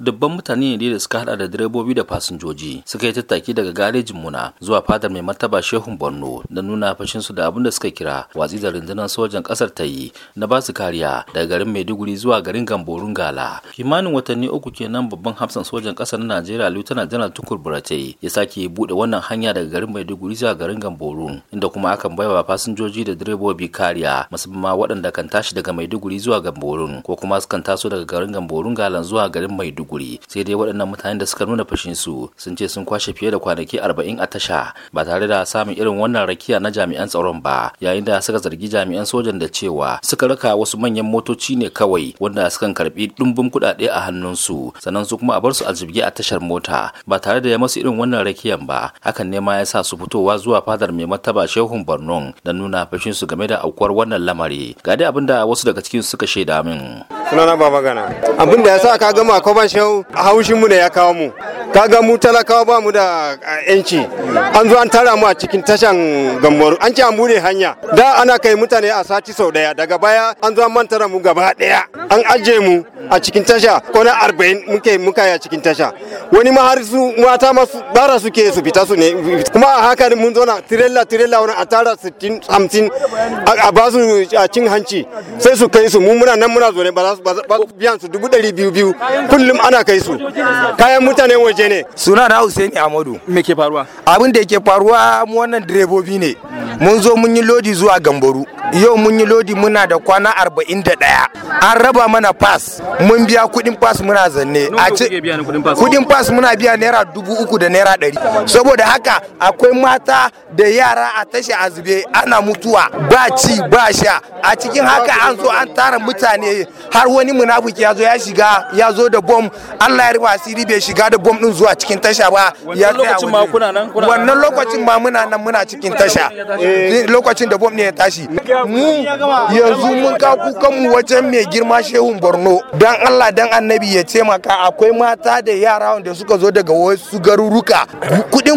dubban mutane ne da suka hada da direbobi da fasinjoji suka yi tattaki daga garejin muna zuwa fadar mai martaba shehun borno da nuna fashin su da abin da suka kira watsi da rundunar sojan kasar ta yi na basu kariya daga garin maiduguri zuwa garin gamborun gala kimanin watanni uku kenan babban hafsan sojan kasar na najeriya lieutenant general tukur buratai ya sake bude wannan hanya daga garin maiduguri zuwa garin gamborun inda kuma akan baiwa fasinjoji da direbobi kariya musamman waɗanda kan tashi daga maiduguri zuwa gamborun ko kuma sukan taso daga garin gamborun galan zuwa garin maiduguri yunkuri sai dai waɗannan mutanen da suka nuna fashinsu sun ce sun kwashe fiye da kwanaki arba'in a tasha ba tare da samun irin wannan rakiya na jami'an tsaron ba yayin da suka zargi jami'an sojan da cewa suka raka wasu manyan motoci ne kawai wanda sukan karbi ɗumbin kuɗaɗe a hannunsu sannan su kuma a bar su a jibge a tashar mota ba tare da ya masu irin wannan rakiyan ba hakan ne ma ya sa su fitowa zuwa fadar mai martaba shehun barnon da nuna fashin su game da aukuwar wannan lamari ga dai abin da wasu daga cikin suka shaida min. sunana baba gana abin da ya sa ka gama ban shau haushin mu ne ya kawo mu ka ga mu talakawa ba mu da yanci an zo an tara mu a cikin tashan gambaru an ce an bude hanya da ana kai mutane a sati sau daya daga baya an zo an mantara mu gaba daya an aje mu a cikin tasha na arba'in muke muka a cikin tasha wani ma har su mata masu bara suke su fita su ne kuma a haka mun na tirela tirela wani a tara sittin hamsin a ba su a cin hanci sai su kai su mun muna nan muna ne ba su biyan su dubu ɗari biyu biyu kullum ana kai su kayan mutane waje ne. suna na Hussein Amadu. me ke faruwa. abin da ke faruwa mu wannan direbobi ne mun zo mun yi lodi zuwa Gambaru yau mun yi lodi muna da kwana arba'in da ɗaya an raba mana pass mun biya kudin pass muna zanne a ce kudin pass muna biya naira dubu uku da naira ɗari saboda haka akwai mata da yara a tashi a zube ana mutuwa ba ci ba sha a cikin haka an zo an tara mutane har wani munafuki ya zo ya shiga ya zo da bom Allah ya rufa asiri bai shiga da bom din zuwa cikin tasha ba ya lokacin ma kuna nan wannan lokacin ma muna nan muna cikin tasha lokacin da bom ne ya tashi mu yanzu mun ka kukan mu wajen mai girma shehun borno dan allah dan annabi ya ce taimaka akwai mata da yara wanda suka zo daga wasu garuruka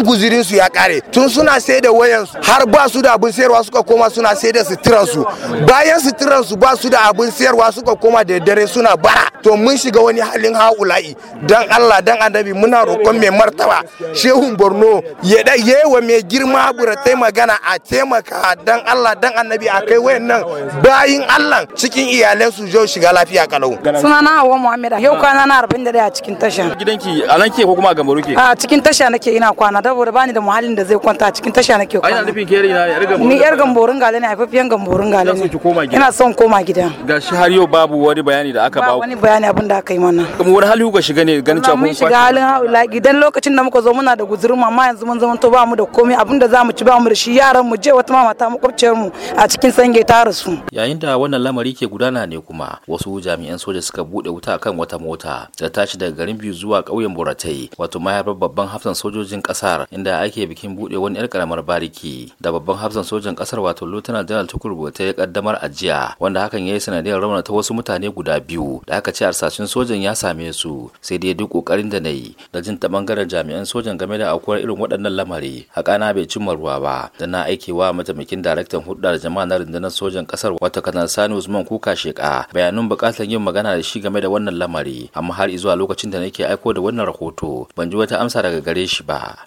kullum guzirin su ya kare tun suna sai da wayan su har ba su da abin sayarwa suka koma suna sai da suturan su bayan suturan su ba su da abin sayarwa suka koma da dare suna bara to mun shiga wani halin haula'i dan Allah dan annabi muna roƙon mai martaba shehu Borno ya da yewa mai girma bura tai magana a taimaka dan Allah dan annabi a kai wayannan bayin Allah cikin iyalan su jau shiga lafiya kalau na hawa Muhammad yau kwana na 41 a cikin tasha gidanki a nan ke ko kuma a Gambaru ke a cikin tasha nake ina kwana saboda bani da muhallin da zai kwanta a cikin tasha ke kwana. Ai nufin ke rina yar gamborin. Ni yar gamborin gale ne haifafiyan gamborin gale ne. Ina son koma gida. Gashi har yau babu wani bayani da aka ba. Ba wani bayani abin da aka yi mana. Kuma wani hali kuka shiga ne ganin cewa mun shiga halin haula gidan lokacin da muka zo muna da guzurin amma yanzu mun zama to ba mu da komai abin da zamu ci ba mu da shi yaran mu je wata mama ta makwabciyar mu a cikin sange ta rasu. Yayin da wannan lamari ke gudana ne kuma wasu jami'an soja suka bude wuta kan wata mota da tashi daga garin biyu zuwa ƙauyen Buratai wato mahaifar babban hafsan sojojin ƙasar kasar inda ake bikin bude wani yar karamar bariki da babban hafsan sojan kasar wato lieutenant general tukur ta ya kaddamar a jiya wanda hakan ya yi sanadiyar raunata ta wasu mutane guda biyu da aka ce arsashin sojan ya same su sai dai duk kokarin da na yi da jin ta bangaren jami'an sojan game da aukuwar irin waɗannan lamari hakana bai cimma ruwa ba da na aiki wa mataimakin daraktan hudar jama'a na rundunar sojan kasar wata kanar sani usman kuka sheka bayanin bukatar yin magana da shi game da wannan lamari amma har zuwa lokacin da nake aiko da wannan rahoto ban ji wata amsa daga gare shi ba